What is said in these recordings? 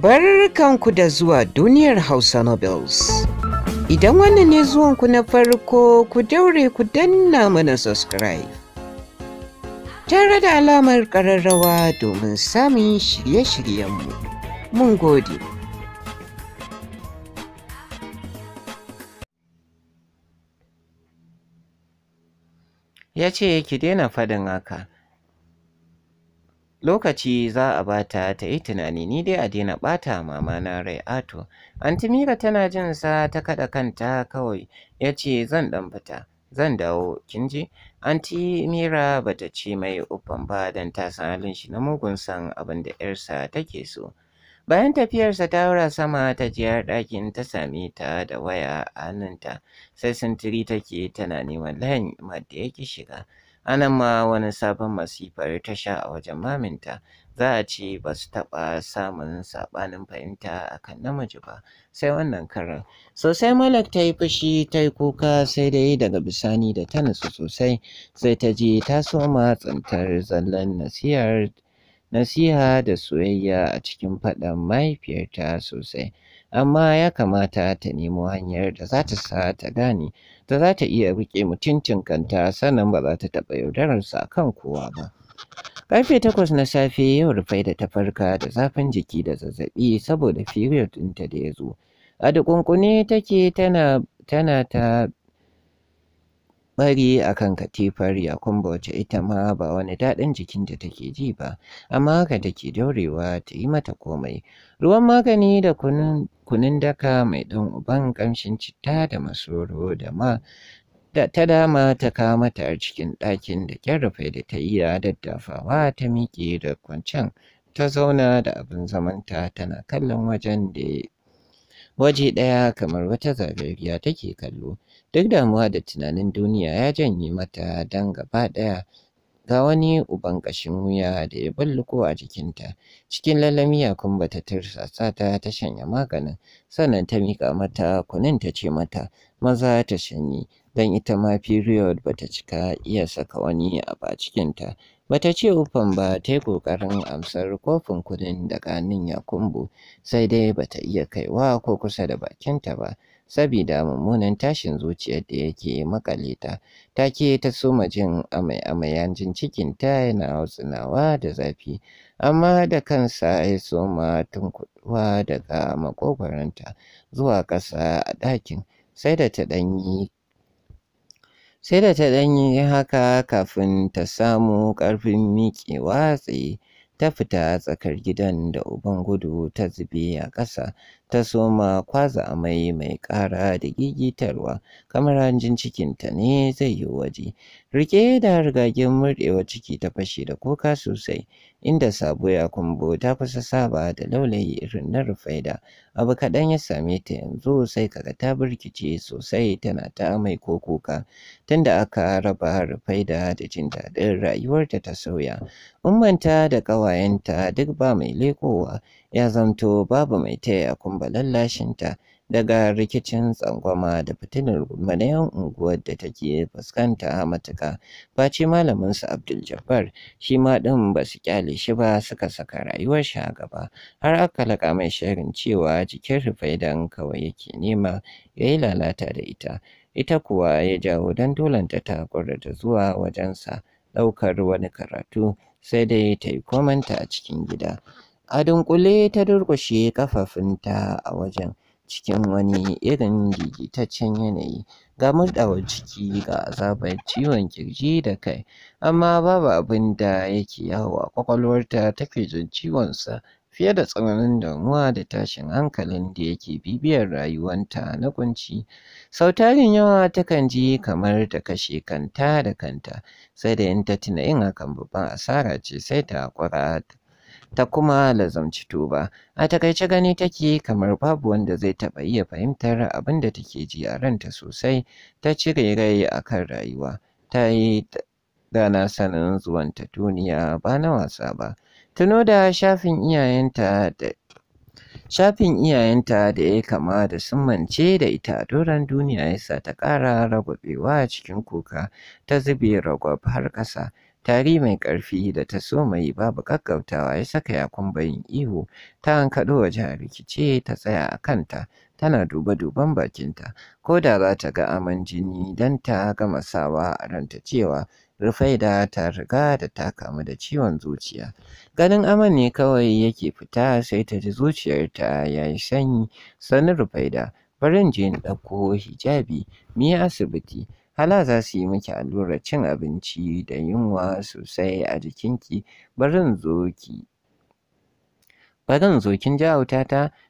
Barkanku da zuwa duniyar Hausa Nobles. Idan wannan ne zuwanku na farko ku daure ku danna mana subscribe. Tare da alamar ƙararrawa domin samun shirye-shiryenmu. Mun gode. Ya ce ki daina faɗin haka. lokaci za a bata ta yi tunani ni dai a daina bata mama na rai ato anti tana jin sa ta kada kanta kawai ya ce zan dan fita zan dawo kin ji Antimira bata ce mai uban ba dan ta san halin shi na mugun san abin da yarsa take so bayan tafiyarsa ta haura sama ta jiyar ɗakin ta same ta da waya a hannunta sai sintiri take tana neman layin da yake shiga Anan ma wani sabon masifar ta sha a wajen maminta. Za a ce ba su taɓa samun saɓanin fahimta a kan namiji ba, sai wannan karan. Sosai Malak ta yi fushi ta yi kuka sai dai daga bisani da ta nutsu sosai sai ta je ta soma tsantar zallan nasiha da soyayya a cikin faɗan mahaifiyarta sosai. amma ya kamata ta nemo hanyar da za ta sa ta gane da za ta iya riƙe mutuncin kanta sannan ba za ta taɓa yaudararsa kan kowa ba. Karfe takwas na safe yau rufai da ta farka da zafin jiki da zazzaɓi saboda period ɗinta da ya zo. A dukunkune take tana tana ta bari a kan katifar yakumba wacce ita ma ba wani daɗin jikin da take ji ba amma haka take daurewa ta yi mata komai ruwan magani da kunun daka mai ɗan uban ƙamshin citta da masoro da ma da ta dama ta kawo mata a cikin ɗakin da ƙyar rufe da ta yi a daddafawa ta miƙe da kwancen ta zauna da abin zamanta tana kallon wajen da ya waje ɗaya kamar wata zarariya take kallo duk damuwa da tunanin duniya ya janye mata don gaba ɗaya ga wani uban ƙashin wuya da ya balluko a jikinta cikin lalamiya kun bata ta tirsasa ta ta shanya maganin sannan ta miƙa mata kunin ta ce mata maza ta shanyi don ita ma period bata cika iya saka wani a ba cikinta Bata ce ufan ba ta yi ƙoƙarin amsar kofin kudin daga hannun ya kumbu sai dai bata iya kaiwa ko kusa da bakinta ba sabida mummunan tashin zuciyar da yake makale ta ke ta soma jin amai amayan jin cikinta yana tsinawa da zafi amma da kansa ya soma tunkuɗuwa daga makogwaranta zuwa ƙasa a ɗakin sai da ta ɗan yi sai da ta ɗan yi haka kafin ta samu ƙarfin miƙewa tsaye ta fita tsakar gidan da uban gudu ta zube a ƙasa ta soma kwaza amai mai ƙara da gigitarwa kamar hanjin cikinta ne zai yi waje rike da rigagen murɗewa ciki ta fashe da kuka sosai inda sabo ya kumbo ta kusa saba da laulayi irin na rufaida abu kaɗan ya same ta yanzu sai kaga ta birkice sosai tana ta amai ko kuka tunda aka raba rufaida da jin daɗin rayuwarta ta sauya ummanta da ƙawayenta duk ba mai lekowa ya zamto babu mai taya kumbalan lashinta daga rikicin tsangwama da fitilar manayan unguwar da take fuskanta matuka face malamin su Abdul Jabbar shi ma din ba su kyale shi ba suka saka rayuwar shi a gaba har aka laka mai sharin cewa jikin rufaidan kawai yake nema yayi lalata da ita ita kuwa ya jawo don dolanta ta ta zuwa wajensa ɗaukar wani karatu sai dai ta yi komanta a cikin gida A dunƙule ta durƙushe ƙafafunta a wajen cikin wani irin gigitaccen yanayi ga murɗawar ciki ga azabar ciwon ƙirji da kai amma babu abin da yake yawo a ƙwaƙwalwarta take jin sa, fiye da tsananin damuwa da tashin hankalin da yake bibiyar rayuwanta na kunci sau tarin yawa takan ji kamar ta kashe kanta da kanta sai da in ta tuna yin hakan babban asara ce sai ta haƙura ta kuma lazamci ba. a takaice gani take kamar babu wanda zai taɓa iya fahimtar abin da take ji a ranta sosai ta cire rai a kan rayuwa ta yi dana sanin zuwanta duniya ba na wasa ba tuno da shafin iyayenta da shafin iyayenta da ya kama da sun mance da ita doron duniya yasa ta ƙara ragwabewa cikin kuka ta zube ragwab har ƙasa Tari mai ƙarfi da ta so mai babu ƙaƙƙautawa ya saka yakun bayin ihu ta hankaɗo waje a rikice ta tsaya a kanta tana duba-duban bakinta ko da za ta ga aman jini don ta gama sawa a ranta cewa Rufaida ta riga da ta kamu da ciwon zuciya. Ganin aman ne kawai yake fita sai ta ji zuciyarta ya yi sanyi. sani Rufaida, barin je in ɗauko hijabi, mu asibiti. hala za su yi miki allurar cin abinci da yunwa sosai a jikinki barin zoki zo zokin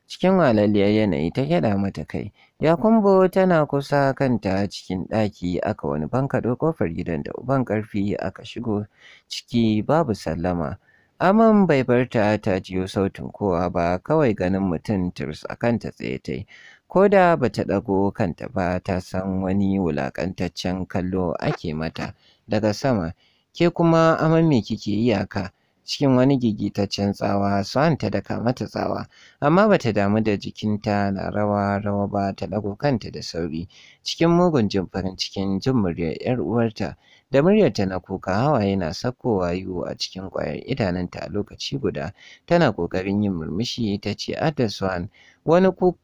cikin walaliyar yanayi ta gyaɗa mata kai ya kumbo tana kusa kanta cikin ɗaki aka wani bankaɗo ƙofar gidan da uban ƙarfi aka shigo ciki babu sallama aman bai barta ta jiyo sautin kowa ba kawai ganin mutum tirs a kanta tsaye ta yi ko da bata ɗago kanta ba ta san wani wulaƙantaccen kallo ake mata daga sama ke kuma aman me kike yi aka cikin wani gigitaccen tsawa swan ta daka mata tsawa amma bata damu da jikinta na rawa rawa ba ta ɗago kanta da sauri cikin mugun jin farin cikin jin muryar yar uwarta da muryarta na kuka hawaye na sakkowa yiwu a cikin ƙwayar idanunta a lokaci guda tana ƙoƙarin yin murmushi ta ce adda swan wani kuka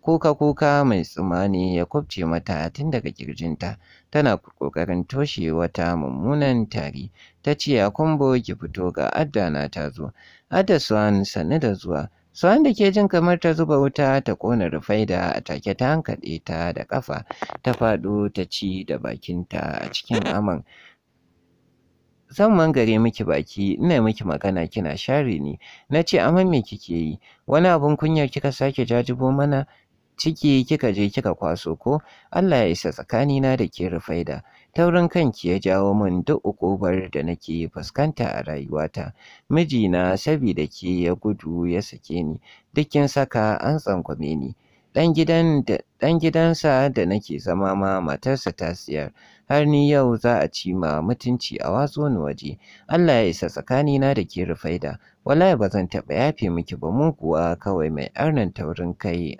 kuka-kuka mai tsumani ya kwabce mata tun daga kirjinta tana ƙoƙarin toshe wata mummunan tari ta ce a kumbo ki fito ga adda na ta zo adda swan sanne da zuwa swan da ke jin kamar ta zuba wuta ta ƙona rufai da a take ta hankaɗe ta da ƙafa ta faɗo ta ci da bakinta a cikin aman zan mangare miki baki ina miki magana kina share ni na ce aman me kike yi wani abun kunya kika sake jajibo mana ciki kika je kika kwaso ko Allah ya isa tsakanina da ke rufaida taurin kanki ya jawo min duk ukubar da nake fuskanta a rayuwata mijina sabida ke ya gudu ya sake ni Dukkin saka an tsangwame ni ɗan gidansa da nake zama ma matarsa ta siyar har ni yau za a ci ma mutunci a watso ni waje Allah ya isa tsakanina da ke rufaida wallahi ba zan taɓa yafe miki ba mu kuwa kawai mai arnan taurin kai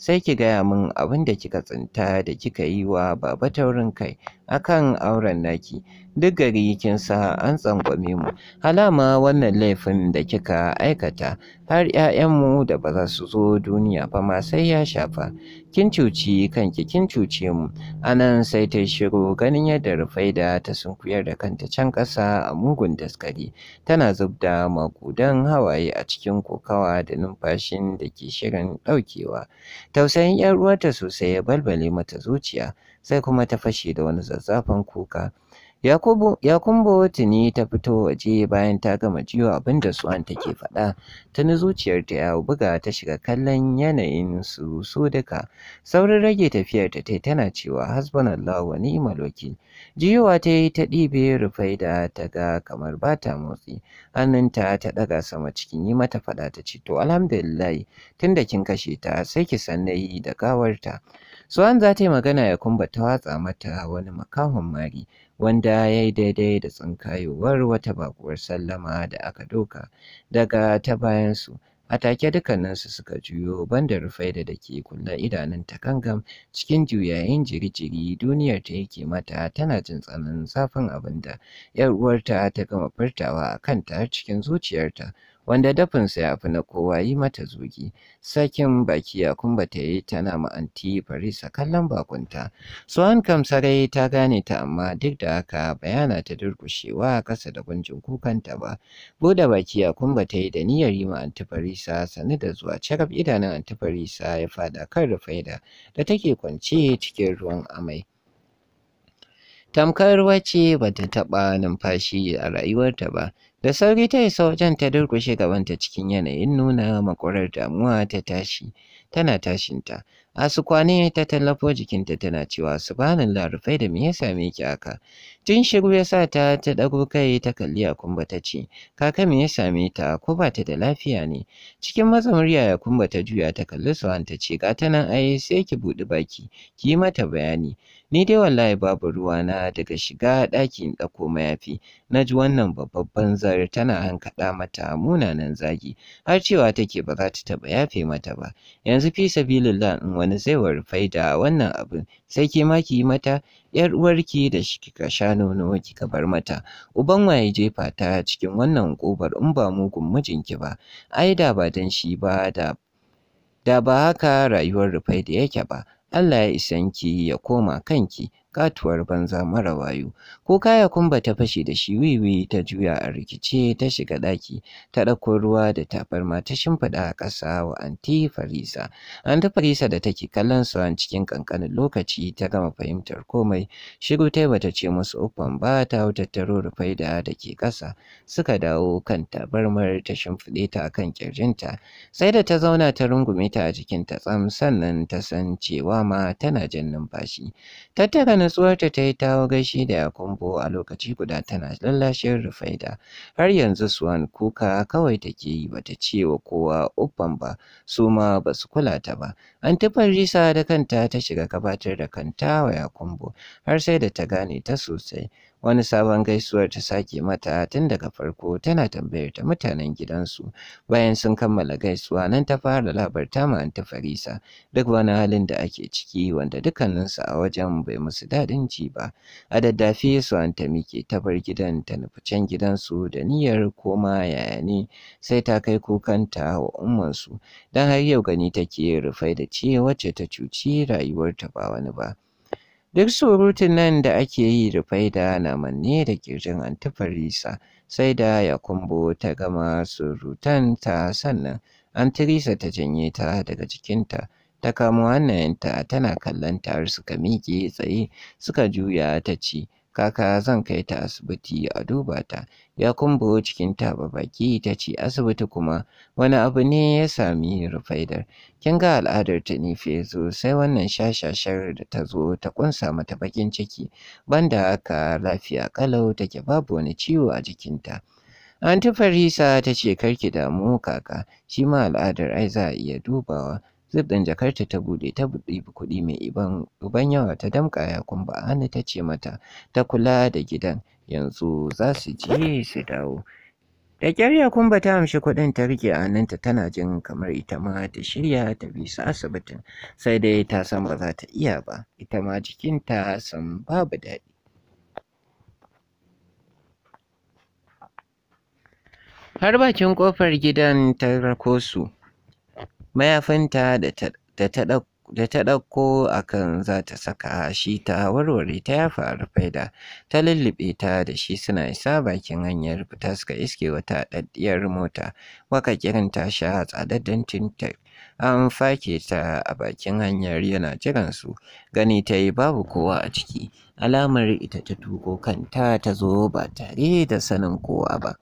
sai ki gaya min abin da kika tsinta da kika yi wa baba taurin kai akan auren naki duk gari kin sa an tsangwame mu Alama wannan laifin da kika aikata har 'ya'yanmu da ba za su zo duniya ba ma sai ya shafa kin cuci kanki kin cuce mu anan sai ta shiru ganin yadda rufaida ta sunkuyar da kanta can ƙasa a mugun daskari tana zubda maƙudan hawaye a cikin kokawa da numfashin da ke shirin ɗaukewa tausayin 'yan ruwarta sosai ya balbale mata zuciya sai kuma ta fashe da wani zazzafan kuka Yakubu Tuni ta fito waje bayan ta gama jiyo abin da Suwan take faɗa. Tuni zuciyarta ya buga ta shiga kallon yanayin su su duka. Saurin rage tafiyar ta tai tana cewa hasbunallahu wa ni'mal wakil. Jiyowa ta yi ta ɗibe rufai da ta ga kamar ba ta motsi. Hannunta ta ɗaga sama cikin yi mata faɗa ta ce to alhamdulillah tunda kin kashe ta sai ki san yi da gawarta. Suwan za ta yi magana ya kumba ta watsa mata wani makahon mari. wanda ya yi daidai da tsinkayowar wata bakuwar sallama da aka doka daga ta bayansu a take dukkaninsu suka juyo banda rufai da dake kulla idanun ta kangam cikin juyayin jiri-jiri duniyar ta yake mata tana jin tsanin zafin abinda yar uwarta ta gama furtawa a kanta cikin zuciyarta wanda dafinsa ya fi na kowa yi mata zugi sakin baki ya ba ta yi tana ma farisa kallon bakunta kam sarai ta gane ta amma duk da haka bayana ta durkushewa ƙasa da gunjin kukanta ba bude baki ya kumba ta yi da niyyar yi ma'anti farisa sanu da zuwa carab idanun anti farisa ya fada kan rufaida da take kwance cikin ruwan amai tamkar wacce ba ta taɓa numfashi a rayuwarta ba da sauri ta isa wajen ta durƙushe gabanta cikin yanayin nuna makurar damuwa ta tashi tana tashinta a su kwane ta tallafo jikinta tana cewa su banin larufai da me ya same ki haka tun shiru ya sa ta ta ɗago kai ta kalli a kumba ta ce kaka me ya same ta ko ba ta da lafiya ne cikin matsa murya kumba ta juya ta kalli su ta ce ga ta nan ai sai ki buɗi baki ki yi mata bayani Ni dai wallahi babu na daga shiga ɗakin ɗako ɗauko mayafi. Na ji wannan babban banzar tana hankaɗa mata munanan zagi. Har cewa take ba za ta taɓa yafe mata ba. Yanzu fi sabilillah in wani zai warfai da wannan abin sai ke ma ki yi mata ‘yar uwarki da shi kika sha nono kika bar mata. Uban waye jefa ta cikin wannan ƙobar in ba mugun mijinki ba. Ai da ba don shi ba da ba haka rayuwar Rufai da yake ba. Allah ya isan ki ya koma kanki katuwar banza mara wayo ko kaya kumba ta fashe da shi wiwi ta juya a rikice ta shiga ɗaki ta ɗauko ruwa da tabarma ta shimfiɗa a ƙasa wa anti farisa anti farisa da take kallon su an cikin ƙanƙanin lokaci ta gama fahimtar komai shiru ta bata ce musu uffan ba ta hau tattaro rufai da da ke ƙasa suka dawo kan tabarmar ta shimfiɗe ta akan ƙirjinta sai da ta zauna ta rungume ta a jikinta tsam sannan ta san cewa ma tana jan numfashi tattara natsuwarta ta yi tawo gaishe da Yakumbo a lokaci guda tana lallashin Rufaida. Har yanzu Suwan kuka kawai take yi bata ce wa kowa uffan ba, su ma basu kula ta ba. An farisa Risa da kanta ta shiga gabatar da kanta wa Yakumbo har sai da ta gane ta sosai. wani sabon gaisuwar ta sake mata tun daga farko tana tambayar ta mutanen gidansu bayan sun kammala gaisuwa nan ta fara labarta ma ta farisa duk wani halin da ake ciki wanda dukkaninsu a wajen bai musu daɗin ci ba a daddafi su an ta ta bar gidan ta nufi can gidansu da niyyar koma yaya ne sai ta kai kukanta wa ummansu don har yau gani take rufai da ce wacce ta cuci rayuwarta ba wani ba. Duk surutun nan da ake yi faida na manne da ƙirjin antifarisa sai da ya kumbo ta gama ta, sannan antifarisa ta janye ta daga jikinta. ta kamo hannayenta tana kallon ta har suka miƙe tsaye suka juya ta ce kaka zan kai ta asibiti a duba ta ya kumbo cikin taba baki ta ce asibiti kuma wani abu ne ya sami rufaidar kin ga al'adar ta ne fezo sai wannan shashashar da ta zo ta kunsa mata bakin ciki banda haka lafiya kalau take babu wani ciwo a jikinta anti farisa ta ce "Kar ki damu kaka shi ma al'adar ai za a iya dubawa zip ɗin jakarta ta buɗe ta ɗibi kuɗi mai uban yawa ta damƙa ya kumba ta ce mata ta kula da gidan yanzu za su je su dawo da ƙyar ya kumba ta amshi kuɗin ta rike a hannunta tana jin kamar ita ma ta shirya ta bi su asibitin sai dai ta san ba za ta iya ba ita ma jikinta san babu daɗi har bakin kofar gidan ta rako su mayafinta da ta ɗauko a kan za ta saka shi ta warware ta yafa a faida, ta lullube ta da shi suna isa bakin hanyar fita suka iske wata ɗaɗɗiyar mota kirin ta sha tsadaddan tintai an fake ta a bakin hanyar yana jiran su gani ta yi babu kowa a ciki alamar ita ta tuko kanta ta zo ba tare da sanin kowa ba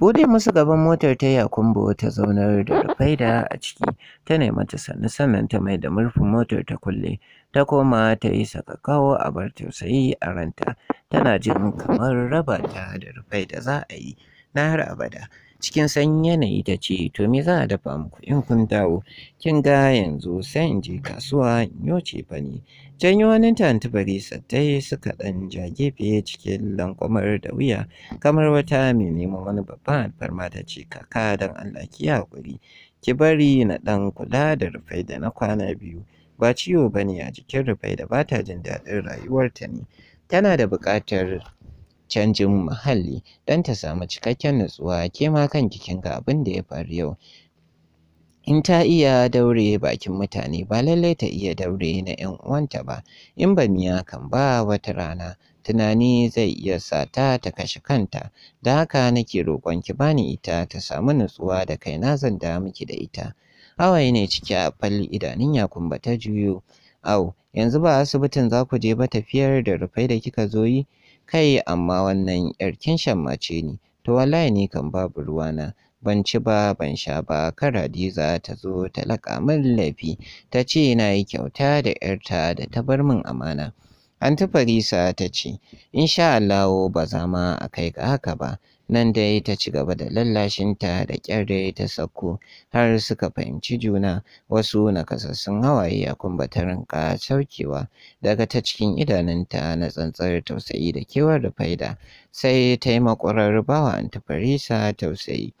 Bude, musu gaban motar ta Yakumbo ta zaunar da Rufaida a ciki, ta nemi ta sannu sannan ta mai da murfin motar ta kulle, ta koma ta yi sakakawo a bar tausayi a ranta, tana jin kamar raba ta da Rufaida za a yi na har abada. cikin sanyin yanayi ta ce to me za a dafa muku in kun dawo kin ga yanzu sai in je kasuwa in yo ce fa ne janyo wani tantubari sattai suka ɗan ja gefe cikin lankwamar da wuya kamar wata mai neman wani babban alfarma ta ce kaka don Allah ki haƙuri ki bari na ɗan kula da rufai da na kwana biyu ba ciwo ba ne a jikin rufai da ba ta jin daɗin rayuwarta ne tana da buƙatar canjin muhalli don ta samu cikakken nutsuwa ke ma kikin kin ga abin da ya faru yau in ta iya daure bakin mutane ba lallai ta iya daure na 'yan uwanta ba in ba miya kan ba wata rana tunani zai iya sata ta kashe kanta da haka nake roƙon ki bani ita ta samu nutsuwa da kaina zan da miki da ita hawaye ne ciki a falli idanun ya kumbata juyo au yanzu ba asibitin za ku je ba tafiyar da rufai da kika zo yi kai amma wannan ‘yar kinshan mace ne to wallahi ni kan babu ruwana. Ban ci ba, ban sha ba, kar Hadiza ta zo ta laƙa min laifi, ta ce na yi kyauta da ‘yarta da ta bar min amana. Anti Farisa ta ce, In sha Allahu ba zama a kai ga haka ba, nan dai ta ci gaba da lallashinta da ƙyar ta sako har suka fahimci juna wasu nakasassun hawaye a kumbatarin ka saukewa daga ta cikin idanunta na tsantsar tausayi da kewar da faida sai ta yi makwarar bawa antafarisa tausayi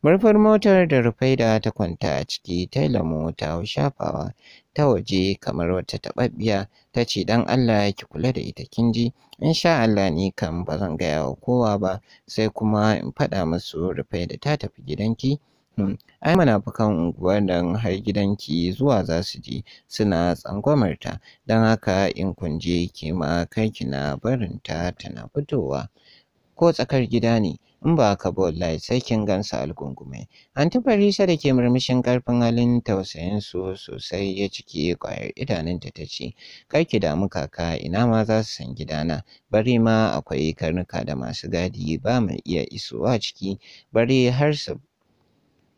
murfar motar da rufaida ta kwanta a ciki ta lamu ta shafawa ta waje kamar wata taɓaɓɓiya ta ce dan Allah ki kula da ita kin ji in sha Allah ni kam ba zan gaya wa kowa ba sai kuma in faɗa musu rufe da ta tafi gidanki hmm. ai munafukan unguwa nan har gidanki zuwa za su je suna tsangwamarta don haka in kun je ki ma kai kina barinta tana fitowa ko tsakar gida ne in ba haka ba wallahi sai kin gansa algungume anti farisa da ke murmushin karfin halin tausayin su sosai ya cike kwayar idanunta ta ce kar ki damu kaka ina ma za su san gidana bari ma akwai karnuka da masu gadi ba mu iya isowa ciki bari har su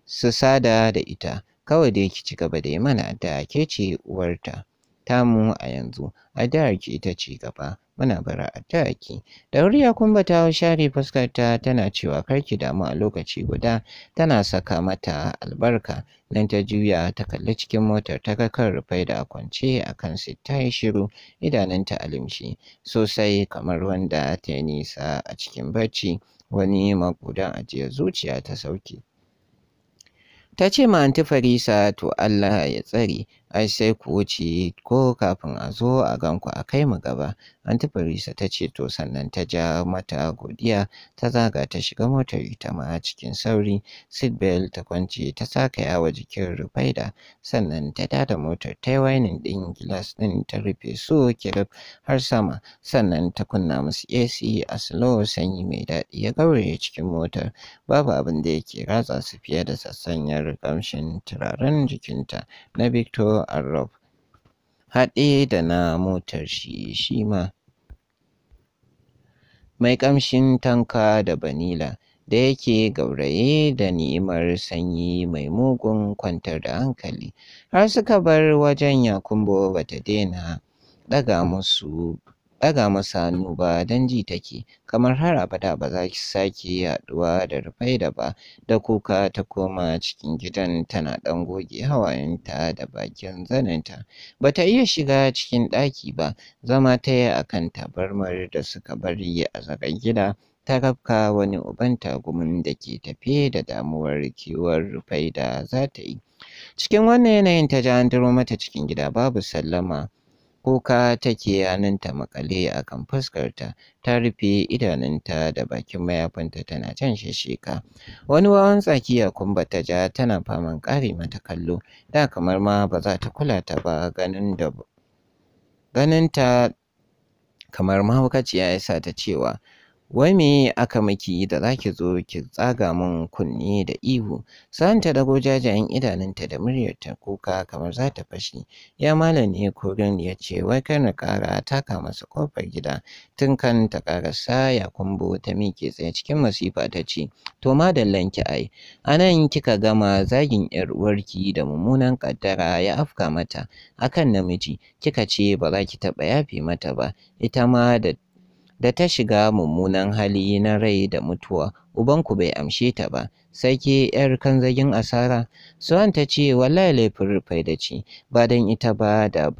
su sada da ita kawai dai ki ci gaba da yi mana da ke ce uwarta tamu a yanzu A da ki ta ci gaba muna bara a taki. Dauriya kumbata share fuskarta tana cewa karki damu a lokaci guda tana saka mata albarka. Nan ta juya ta kalli cikin motar ta ga rufai da kwance a kan ta yi shiru idanunta a limshi sosai kamar wanda ta yi nisa a cikin barci, wani makudan ajiye zuciya ta sauke. ta ce ma anti Farisa to Allah ya tsare ai sai ku wuce ko kafin a zo a ganku a kai mu gaba anti farisa ta ce to sannan ta ja mata godiya ta zaga ta shiga motar ita ma cikin sauri belt ta kwance ta saka yawa jikin rufaida sannan ta tada motar ta yi wainin ɗin gilas ɗin ta rufe su kirif har sama sannan ta kunna musu ac a slow sanyi mai daɗi ya gauraye cikin motar babu abin da yake ratsa su fiye da sassanyar kamshin turaren jikinta na victor a Arab haɗe da na motar shi shi ma. Mai ƙamshin tanka da banila da yake gauraye da ni'imar sanyi mai mugun kwantar da hankali har suka bar wajen Yakumbo ba ta daina ɗaga musu ɗaga masa hannu ba don ji take kamar har abada ba za ki sake haɗuwa da Rufaida ba da kuka ta koma cikin gidan tana ɗan goge hawayenta da bakin zaninta ba ta iya shiga cikin ɗaki ba zama ta yi a kan tabarmar da suka bari a zagar gida ta kafka wani uban tagumin da ke tafe da damuwar kewar Rufaida za ta yi cikin wannan yanayin ta ja an mata cikin gida babu sallama Kuka take hannunta maƙale a kan fuskarta, ta rufe idanunta da bakin mayafinta tana can shishika Wani wawan tsakiya kumba ta ja tana faman kare mata kallo, da kamar ma ba za ta kula ta ba ganin da ganin ta kamar mahaukaci ya sa ta cewa wai me aka miki da zaki zo ki tsaga min kunne da ihu sa'an ta dago jajayen idanunta da muryarta kuka kamar za ta fashe ya malam ne ya ce wai kar na ƙara taka masa ƙofar gida tun kan ta sa ya kumbo ta miƙe tsaye cikin masifa ta ce to madallan ki ai anan kika gama zagin yar uwarki da mummunan ƙaddara ya afka mata akan namiji kika ce ba za ki taɓa yafe mata ba ita ma da da ta shiga mummunan hali na rai da mutuwa ubanku bai amshe ta ba sai ke yar kanzagin asara suwan ta ce wallahi laifin rufai da ci ba don ita ba da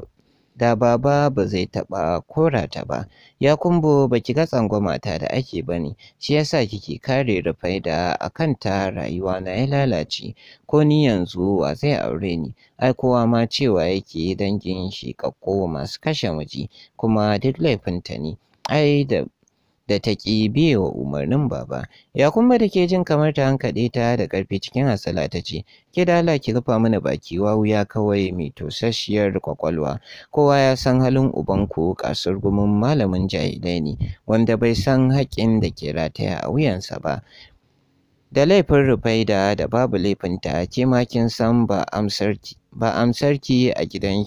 da baba ba zai taɓa kora ta ba ya kumbo baki ga tsangwamata da ake bane shi yasa kike kare rufai da akan ta rayuwa na ya lalace ko ni yanzu wa zai aure ni ai kowa ma cewa yake dangin shi kakko masu kashe miji kuma duk laifinta ne ai da da ta ƙi biyewa umarnin baba. Ya kuma da ke jin kamar ta hankaɗe ta da ƙarfi cikin hasala ta ce, ke dala ki rufa mana baki wuya ya kawai mai tosasshiyar kwakwalwa. Kowa ya san halin ubanku kasar gumin malamin jahilai ne, wanda bai san haƙƙin da ke rataya a wuyansa ba. Da laifin rufaida da babu laifinta ke ma kin san ba amsarki a gidan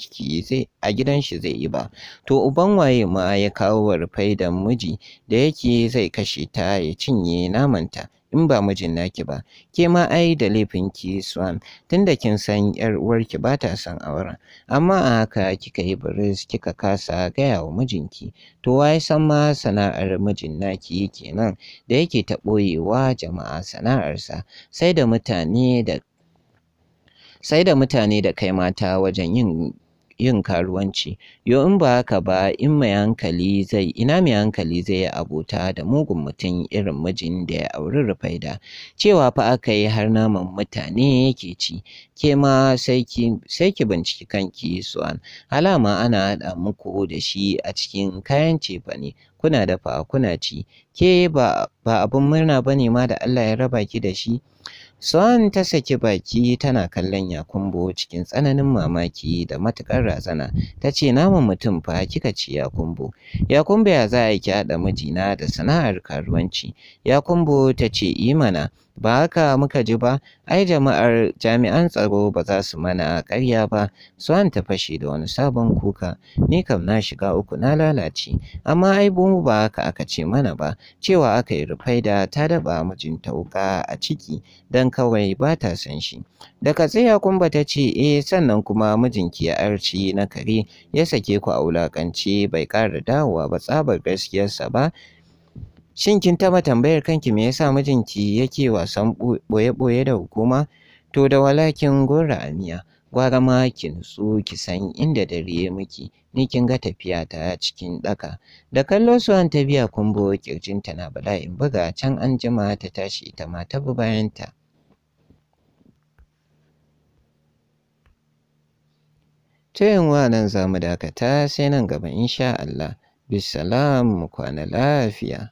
shi zai yi ba, to uban waye ma ya kawo wa da miji da yake zai kashe ta ya cinye namanta. in ba mijin naki ba ke ma ai da laifin ki Swan tunda kin san yar uwarki ba ta son auren amma a haka kika yi biris kika kasa gaya wa mijinki to wai san ma sana'ar mijin naki kenan da yake ta ɓoyewa jama'a sana'arsa sai da mutane da sai da mutane da kai mata wajen yin yin karuwanci yo in ba haka ba in mai hankali zai ina mai hankali zai yi abota da mugun mutum irin mijin da ya auri rufaida cewa fa aka yi har naman mutane yake ci ke ma sai ki sai ki binciki kanki hala alama ana haɗa muku da shi a cikin kayan cefane kuna dafa kuna ci ke ba ba abun murna bane ma da Allah ya raba ki da shi Swan ta saki baki tana kallon Yakumbo cikin tsananin mamaki da matuƙar razana. Ta ce naman mutum fa kika ci Yakumbo. Yakumbo ya za a ki haɗa mijina da sana'ar karuwanci. Yakumbo ta ce imana ba haka muka ji ba ai jama'ar jami'an tsaro ba za su mana ƙarya ba Swan ta fashe da wani sabon kuka ni kam na shiga uku na lalace amma ai mu ba haka aka ce mana ba cewa aka yi rufaida ta daba mijinta wuƙa a ciki don kawai ba ta san shi. Daga tsaya kumba ta ce e sannan kuma mijinki ya arci na kare ya sake ku a wulakanci bai ƙara dawowa ba tsabar gaskiyarsa ba. Shin kin taɓa tambayar kanki me yasa mijinki yake wasan ɓoye-ɓoye da hukuma? To da walakin gora aniya. gwara ma ki nutsu ki san inda dare miki ni kin ga tafiya ta cikin ɗaka. da kallo su ta biya kumbo kirjinta na bala'in buga can an jima ta tashi ita ma ta bi bayanta Ta wa nan za mu dakata sai nan gaba insha Allah. Bisalam mu kwana lafiya.